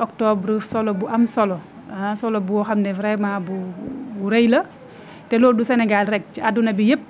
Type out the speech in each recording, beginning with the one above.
octobre solo bu am solo ah solo boo xam ne vraiment bu bu rëy la te loolu du Sénégal rek ci àdduna bi yëpp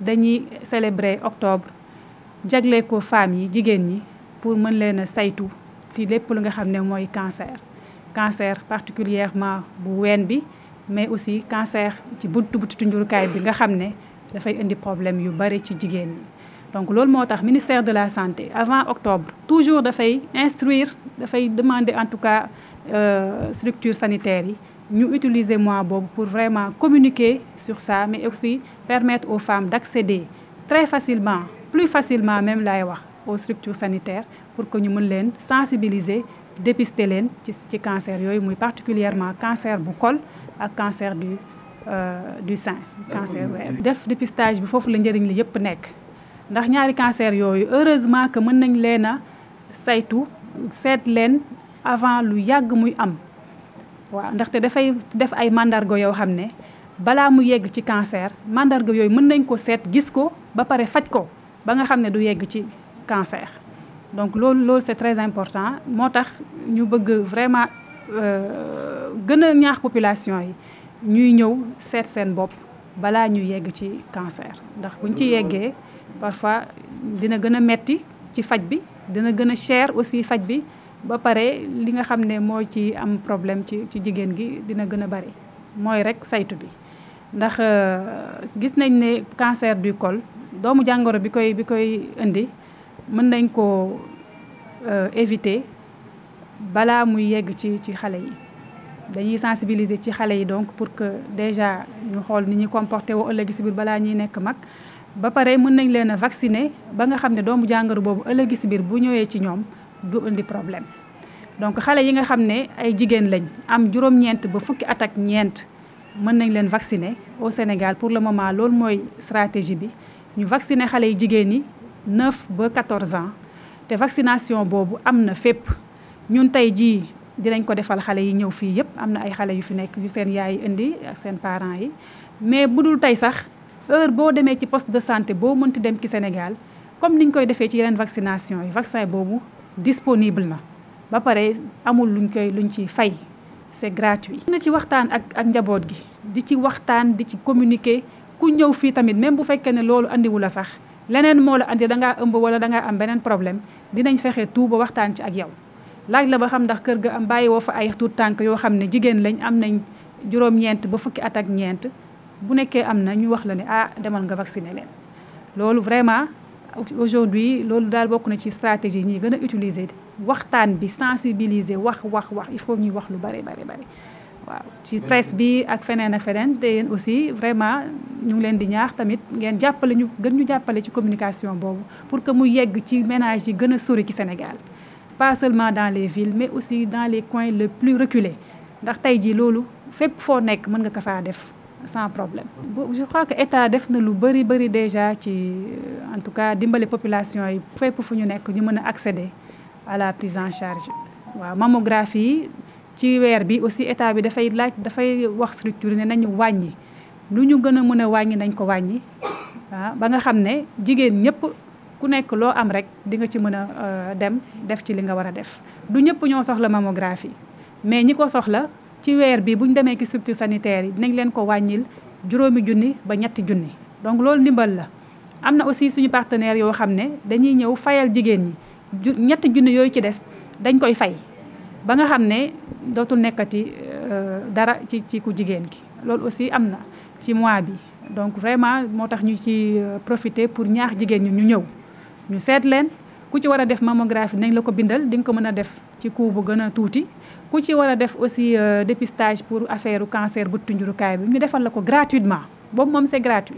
dañuy célébrer octobre jagle ko femmes yi jigéen ñi pour mën leen a saytu ci lépp lu nga xam ne mooy cancer. cancer particulièrement bu ween bi mais aussi cancer ci buntu buntu njurukaay bi nga xam ne dafay indi problème yu bari ci jigéen ñi. donc loolu moo tax ministère de la santé avant octobre toujours dafay instruire dafay demander en tout cas euh, structure sanitaire yi ñu utiliser mois boobu pour vraiment communiquer sur ça mais aussi permettre aux femmes d'accéder très facilement plus facilement même laay wax aux structures sanitaires pour que ñu mën leen sensibiliser dépister leen ci ci cancer yooyu muy particulièrement cancer bu kol ak cancer du euh, du sein cancer def dépistage bi foofu la njëriñ li yëpp nekk ndax ñaari cancer yooyu heureusement que mën nañ leen a saytu seet leen avant lu yàgg muy am waaw ndaxte dafay def ay mandarga yoo xam ne balaa mu yegg ci cancer mandarga yooyu mën nañ ko seet gis ko ba pare faj ko ba nga xam ne du yegg ci cancer donc loolu loolu c'est très important moo tax ñu bëgg vraiment euh, gën a ñaax population yi ñuy ñëw seet seen bopp balaa ñu yegg ci cancer ndax buñ ci yeggee parfois dina gën a metti ci faj bi dina gën a cher aussi faj bi ba pare li nga xam ne moo ci am problème ci ci jigéen gi dina gën a bari mooy rek saytu bi ndax euh, gis nañ ne cancer du col doomu jàngoro bi koy bi koy indi mën nañ ko euh, éviter balaa muy yegg ci ci xale yi dañuy sensibiliser ci xale yi donc pour que déjà ñu xool ni ñuy comporté woo ëllëg si biir balaa ñuy nekk mag ba pare mën nañ leen a vacciner ba nga xam ne doomu jàngoro boobu ëllëgi si biir bu ñëwee ci ñoom du indi problème donc xale yi nga xam ne ay jigéen lañ am juróom-ñeent ba fukki at ñeent mën nañ leen vacciner au Sénégal pour le moment loolu mooy stratégie bi ñu vacciner xale yi jigéen yi 9 ba 14 ans te vaccination boobu am na fépp ñun tey ji dinañ ko defal xale yi ñëw fii yëpp am na ay xale yu fi nekk yu seen yaay indi ak seen parent yi mais bu tey sax heure boo demee ci poste de santé boo mënti dem ci Sénégal comme niñ koy defee ci yeneen vaccination yi vaccin boobu disponible na ba pare amul luñ koy luñ ci fay c'est gratuit. na ci waxtaan ak ak njaboot gi di ci waxtaan di ci communiqué ku ñëw fii tamit même bu fekkee ne loolu andiwu la sax leneen moo la andi da ëmb wala da ngaa am beneen problème dinañ fexe tout ba waxtaan ci ak yow. laaj la ba xam ndax kër ga am bàyyi woo fa ay tuut tànk yoo xam ne jigéen lañ am nañ juróom ba fukki at ak ñeent. bu nekkee am na ñu wax la ne ah demal nga vacciner leen loolu vraiment aujourd'hui loolu daal bokk na ci stratégie ñi gën a utiliser waxtaan bi sensibiliser wax wax wax il faut ñuy wax lu bare bari bare waaw ci presse bi ak feneen ak feneen te yéen aussi vraiment ñu ngi leen di ñaax tamit ngeen jàppale ñu gën ñu jàppale ci communication boobu pour que mu yegg ci ménage yi gën a sori ci Sénégal pas seulement dans les villes mais aussi dans les coins le plus reculés ndax tey jii loolu fépp foo nekk mën nga ko faa def sans problème je crois que état def na lu bëri bëri déjà ci en tout cas dimbali population yi fépp fu ñu nekk ñu mën a accéder à la prise en charge waaw mammographie yi ci weer bi aussi état bi dafay laaj dafay wax structure ne nañu wàññi lu ñu gën a mën a wàññi nañ ko wàññi waaw ba nga xam ne jigéen ñëpp ku nekk loo am rek di nga ci mën a euh, dem def ci li nga war a def lu ñëpp ñoo soxla mammographie mais ñi ko soxla ci weer bi bu ñu demee ci structure sanitaire yi dinañ leen ko wàññil juróomi junni ba ñetti junni donc loolu ndimbal la am na aussi suñu partenaire yoo xam ne dañuy ñëw fayal jigéen ñi ñetti junni yooyu ci des dañ koy fay ba nga xam ne dootul nekkati euh, dara ci ci ku jigéen gi loolu aussi am na ci mois bi donc vraiment moo tax ñu ci euh, profiter pour ñaax jigéen ñi ñu ñëw ñu seet leen ku ci war a def mammographie nañ la ko bindal di nga ko mën a def ci coût bu gën a tuuti ku ci war a def aussi euh, dépistage pour affaire cancer bu njurukaay bi ñu defal la ko gratuitement boobu moom c'est gratuit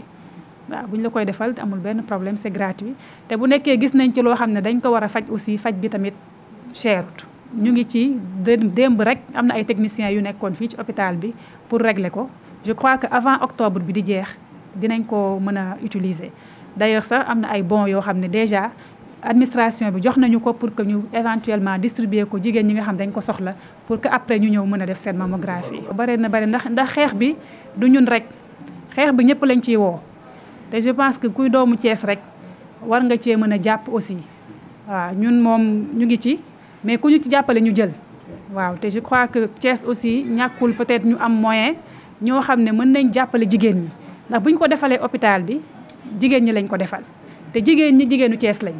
waaw bu ñu la koy defal amul benn problème c'est gratuit te bu nekkee gis nañ ci loo xam ne dañ ko war a faj aussi faj bi tamit cherut ñu ngi ci démb rek am na ay techniciens yu nekkoon fii ci hôpital bi pour régler ko je crois que avant octobre bi di jeex dinañ ko mën a utiliser d'ailleurs sax am na ay bons yoo xam ne déjà administration bi jox nañu ko pour que ñu éventuellement distribuer ko jigéen ñi nga xam dañ ko soxla pour que après ñu ñëw mën a def seen mammographie. bare na bare ndax ndax xeex bi du ñun rek xeex bi ñëpp lañ ciy woo te je pense que kuy doomu cees rek war nga cee mën a jàpp aussi waaw ñun moom ñu ngi ci mais ku ñu ci jàppale ñu jël. waaw te je crois que cees aussi ñàkkul peut-être ñu am moyen ñoo xam ne mën nañ jàppale jigéen ñi ndax bu ñu ko defalee hôpital bi jigéen ñi lañ ko defal te jigéen ñi jigéenu Thiès lañ.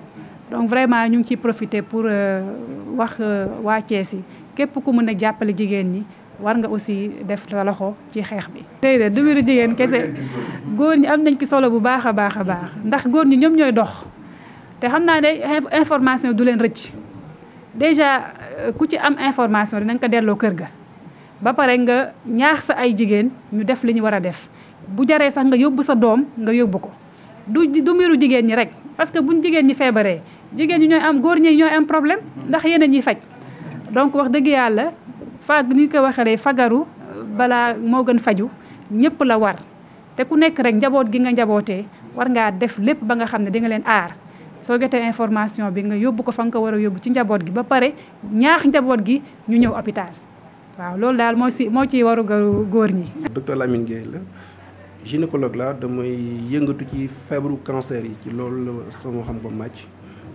donc vraiment ñu ngi ciy profiter pour euh, wax euh, waa Thiès yi képp ku mën a jàppale jigéen ñi war nga aussi def sa loxo ci xeex bi. tey de du mbiru jigéen kese góor ñi am nañ ci solo bu baax a baax a baax ndax góor ñi ñoom ñooy dox te xam naa ne information du leen rëcc déjà euh, ku ci am information dinañ ko delloo kër ga. ba pare nga ñaax sa ay jigéen ñu def li ñu war a def bu jaree sax nga yóbbu sa doom nga yóbbu ko du du mbiru jigéen ñi rek parce que buñ jigéen ñi feebaree. jigéen ñi ñooy am góor ñi ñooy am problème ndax yeneen ñi faj donc wax dëgg yàlla fag ni ñu koy waxee fagaru balaa moo gën faju ñëpp la war te ku nekk rek njaboot gi nga njabootee war ngaa def lépp ba nga xam ne di leen aar soo jotee information bi nga yóbbu ko fa nga ko war a yóbbu ci njaboot gi ba pare ñaax njaboot gi ñu ñëw hôpital waaw loolu daal moo si moo ciy waru garu góor ñi. docteur Lamine Gueye la gynécologue la damay yëngatu ci feebaru cancer yi ci loolu la sama xam ko màcc.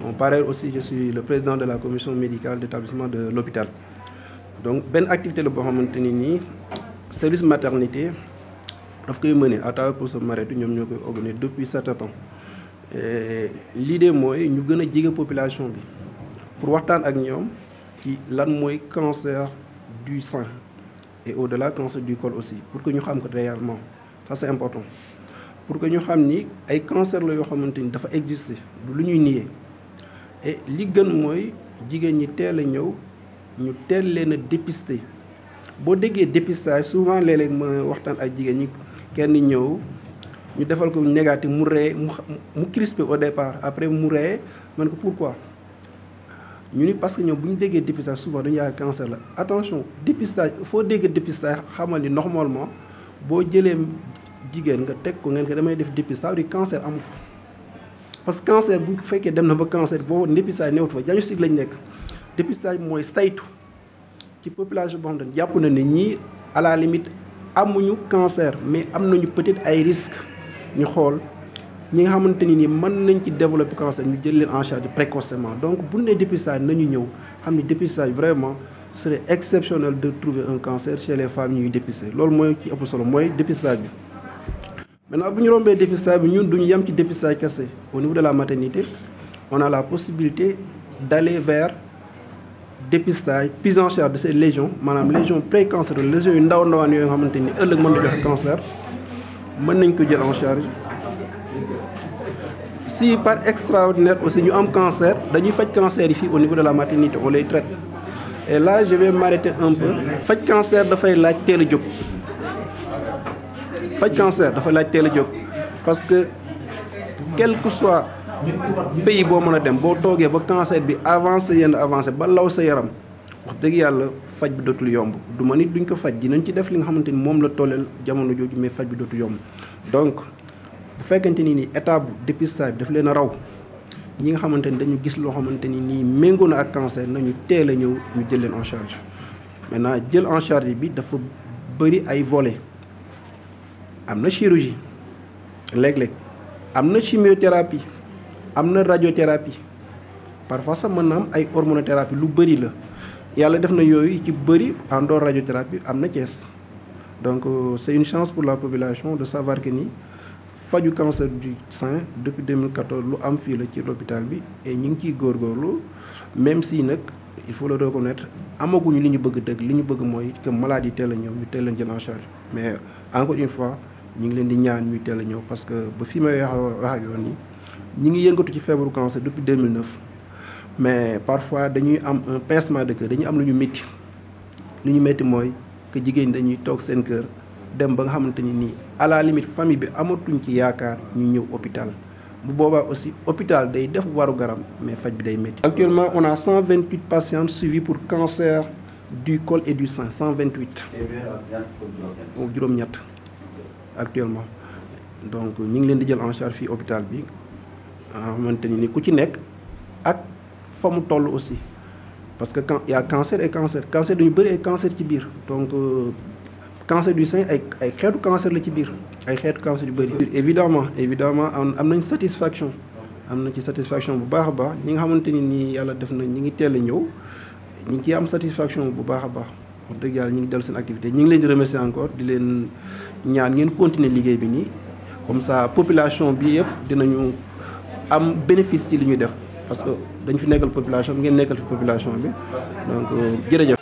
Bon, par ailleurs aussi, je suis le président de la commission médicale d'établissement de l'hôpital. Donc, benn activité la boo xamante ni nii service maternité daf koy mener à travers pour sa Marietou ñoom ñoo koy organiser depuis certain temps. L'idée mooy ñu gën a jege population bi pour waxtaan ak ñoom ci lan mooy cancer du sein et au-delà cancer du col aussi pour que ñu xam ko réellement ça c'est important pour que ñu xam ni ay cancer la yoo xamante ni dafa exister lu ñuy nier. et li gën mooy jigéen ñi teel a ñëw ñu teel leen a dépister boo déggee dépistage souvent léeg-léeg ma waxtaan ak jigéen ñi kenn ñëw ñu defal ko négatif mu ree mu mu crispé au départ après mu ree man ko pourquoi ñu ni parce que ñoom bu ñu déggee dépistage souvent dañu yaakaar cancer la attention dépistage foo déggee dépistage xamal ni normalement boo jëlee jigéen nga teg ko ngeen ko damay def dépistage di cancer amu fa parce que cancer bu fekkee dem na ba cancer boobu dépistage newut fa diagnostic lañ nekk dépistage mooy saytu ci population boo xam ne jàpp na ne ñii à la limite amuñu cancer mais am nañu peut-être ay risques ñu xool ñi nga xamante ni nii mën nañ ci développer cancer ñu jël leen en charge précocement donc bu ne dépistage nañu ñëw xam ne dépistage vraiment serait exceptionnel de trouver un cancer chez les femmes ñuy loolu mooy ci ëpp solo mooy dépistage bi. maintenant bu ñu rombee dépistage bi ñun duñu yem ci dépistage kese au niveau de la maternité on a la possibilité d'aller vers dépistage prise en charge de ces légions maanaam légion précancéreuses légions yu ndaw ndawaan yooyu nga xamante ni ëllëg mën na joxe cancer mën nañ ko jël en charge si par extraordinaire aussi ñu am cancer dañuy faj cancer yi fii au niveau de la maternité on les traite et là je vais m'arrêter un peu faj cancer dafay laaj teel a jóg faj cancer dafa laaj teel a jóg parce que quel que soit pays boo mën a dem boo toogee ba cancer bi avancé yenn avancé ba law sa yaram wax dëgg yàlla faj bi dootul yomb du ma nit duñ ko faj dinañ ci def li nga xamante ni moom la tolleel jamono jooju mais faj bi dootul yomb donc bu fekkente ni nii état bu dépistage bi daf leen a raw ñi nga xamante ni dañu gis loo xamante ni nii méngoo na ak cancer nañu teel a ñëw ñu jël leen en charge maintenant jël en charge bi dafa bëri ay volets am na chirurgie léeg-léeg am na chimiothérapie am na radiothérapie parfois sax mën na am ay hormonothérapie lu bëri la yàlla def na yooyu ci bëri en dehors radiothérapie am na Thiès donc euh, c'est une chance pour la population de savoir que ni faju cancer du sein depuis 2014 lu am fii la ci l'hôpital bi et ñu ngi ciy góorgóorlu même si nag. il faut la le reconnaître amaguñu li ñu bëgg dëgg li ñu bëgg mooy que malade teel a ñëw ñu teel leen jël en mais encore fois ñu ngi leen di ñaan ñuy teel a ñëw parce que ba fi may wax ak yoon nii ñu ngi yëngatu ci feebaru cancer depuis 2009 mais parfois dañuy am un pincement de cœur dañuy am lu ñu métti li ñu métti mooy que jigéen dañuy toog seen kër dem ba nga xamante ni nii à la limite famille bi amatuñ ci yaakaar ñu ñëw hôpital. bu boobaa aussi hôpital day def waru garam mais faj bi day métti. actuellement on a 128 patientes suivies pour cancer du col et du sein 128. Eh juróom-ñett actuellement donc ñu ngi leen di jël en charge fii hôpital bi xamante ni ku ci nekk ak fa mu toll aussi parce que quand il y a cancer et cancer cancer dañu bëri ay cancer ci biir donc. Euh, cancer du sein ay xeetu cancer la ci biir ay xeetu cancer yu bëri. évidemment évidemment am nañ satisfaction am na ci satisfaction bu baax a baax ñi nga xamante ni nii yàlla def na ñi ngi teel a ñëw ñi ngi ciy am satisfaction bu baax a baax wax dëgg yàlla ñi ngi dellu seen activité ñi ngi leen di remercier encore di leen ñaan ngeen continuer liggéey bi nii comme ça population bi yëpp dinañu am bénéfice ci li ñuy def parce que dañ fi nekkal population bi ngeen nekkal fi population bi euh,